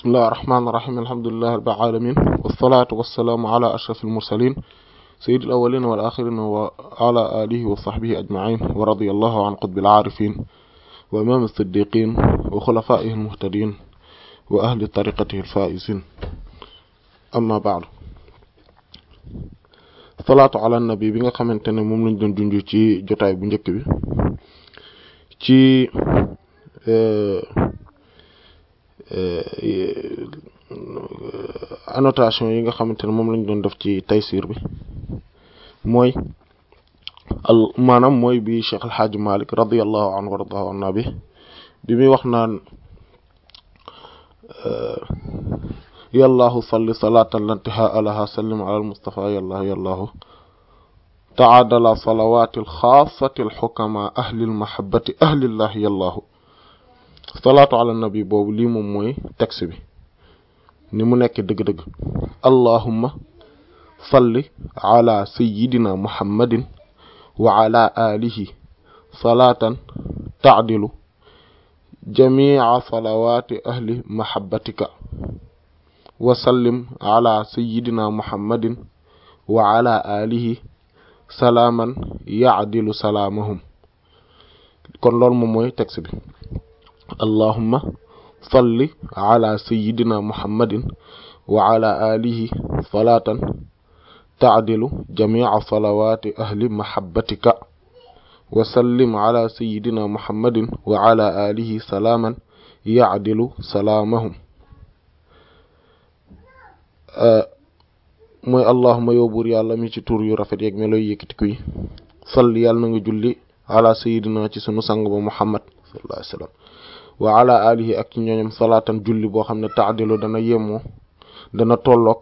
bismillah arrahman irrahim alhamdulilahi rabbil alamin wasalaatu wasalaamu ala ashraf almursalin sayid al awalin wal axirin wa ala alihi wa sahbihi ajmain wa radi allahu an qutbil aarifin wa imam siddiqin wa xulafaihi almuhtadin wa ahli tariqatihi alfaisin amma baadu salaatu ala nabi bi nga xamante ne moom lañ doon junj ci jotaay bu njëkk bi ci eh, %e euh, annotations :fra yi nga xamante ne moom la doon def ci Taysiir bi mooy al maanaam mooy bi Cheikh El Hadj Malick radiyallahu anhu wa radaahu anna bi bi muy wax naan %e euh, yallaahu salli salaatan laa intihaa lahaa sallim alal Mustafa yallaahu yallaahu taadala salawaati alxaasati alxukamaa ahli almahabbati salaatu ala nabi boobu lii moom mooy texte bi ni mu nekk dëgg-dëgg allahumma salli ala sayyidina muhammadin wa ala alihi salaatan taadilu jamia salawaati ahli mahabbatika wa sallim ala sayyidina muhammadin wa ala alihi salaaman yaadilu salaamahum kon loolu moom mooy texte bi allahumma salli ala sayyidina muhammadin wa ala alihi salatan taadilu jami'a salawati ahli mahabbatika wa sallim ala sayyidina muhammadin wa ala alihi salaaman salaamahum eh, mooy allahuma yow buur yàlla mi ci tur yu rafet yeeg melooy yëkkatiku yi salli yàlla na julli ala sayyidina ci sunu sang ba muhammad wa ala alihi ak ci ñooñam julli boo xam ne taadilu dana yemoo dana tolloog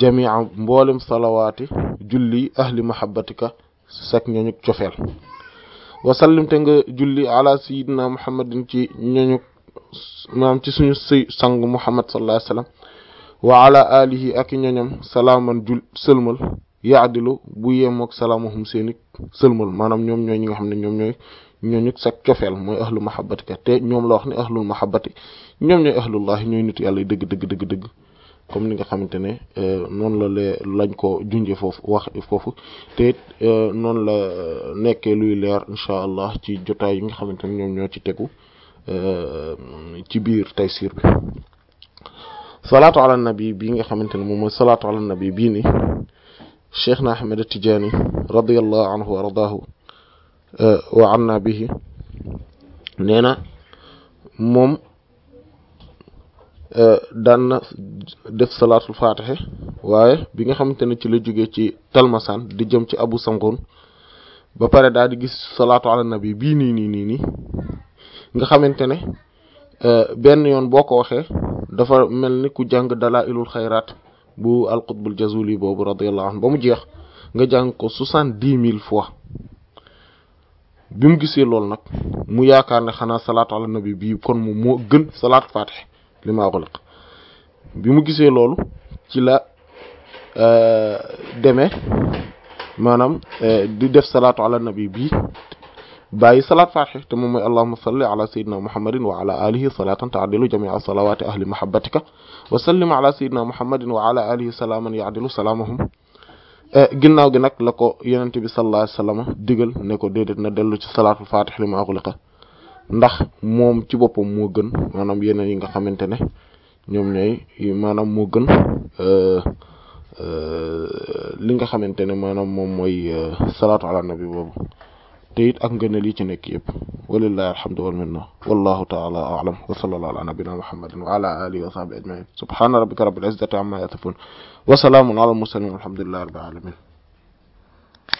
jamia mboolem salawaati julli ahli mahabbatika sak ñooñu cofeel wasallim te nga julli ala sayidina muhammadin ci ñooñu ci suñu sëy sang muhammad sallallahu alayhi wa sallam wa ala alihi ak ñoñam salaaman jul sëlmal yaadilu bu yemook salaamuhum seen i sëlmal maanaam ñoom ñooy ñi nga xam ne ñoom ñooy ñooñu sag cofeel mooy ahlu mahabbatika te ñoom la wax ne ahlul mahabbati ñoom ñooy ahlullahi ñooy nit yàlla dëgg dëgg dëgg dëgg comme ni nga xamante ne euh, noonu la lee lañ ko junje foofu wax foofu te euh, noonu la euh, nekkee luy leer incha allah ci jotaay yi nga xamante ne ñoom ñoo ci tegu ci biir taysiir bi salaatu ala nabi bii nga xamante ne moom mooy salaatu ala nabi bii ni cheikh na ahmed tijaani radiallahu anhu wa wa an na bihi nee na moom eh, daan na def salaatul fatiha waaye bi nga xamante ne ci la jóge ci talmasaan di jëm ci abu sangoon ba pare daal di gis salaatu ala nabi bii nii nii nii nii nga xamante ne eh, benn yoon boo ko waxee dafa mel ni ku jàng dalaa ilul xayraat bu alqutbul jazuli boobu radiyallahu anhu ba mu jeex nga jàng ko soixante-dix mille fois bi mu gisee loolu nag mu yaakaar ne xanaa salaatu ala nabi bii kon moom moo gën salaatu faatih li maa xuliq bi mu gisee loolu ci la euh, demee maanaam euh, di def salaatu ala nabi bii bàyyi salaat faatih te moom mooy allahumma salli ala sayyidina muhammadin wa ala alihi salatan taadilu jamia salawati ahli mahabbatika wa sallim ala sayyidina muhammadin wa ala alihi salaaman yaadilu salaamahum Eh, ginnaaw gi nag la ko yonent bi sallallahu alayhi wasallam digal ne ko déedéet na dellu ci salaatul fatih li ma ughliqa ndax moom ci boppam moo gën maanaam yeneen yi nga xamante ne ñoom ñooy maanaam moo gën eh, eh, li nga xamante ne maanaam moom mooy salaatu ala nabi boobu te it ak ngëneel yi ci nekk yëpp walillahi alhamdu wal minna wallahu taala aalam wa sallallahu ala nabina muhammadin wa ala alihi wa sahbihi ajmain subhana rabbika rabbil izzati amma yasifun wa salaamun ala al mursalin walhamdulillahi rabbil alamin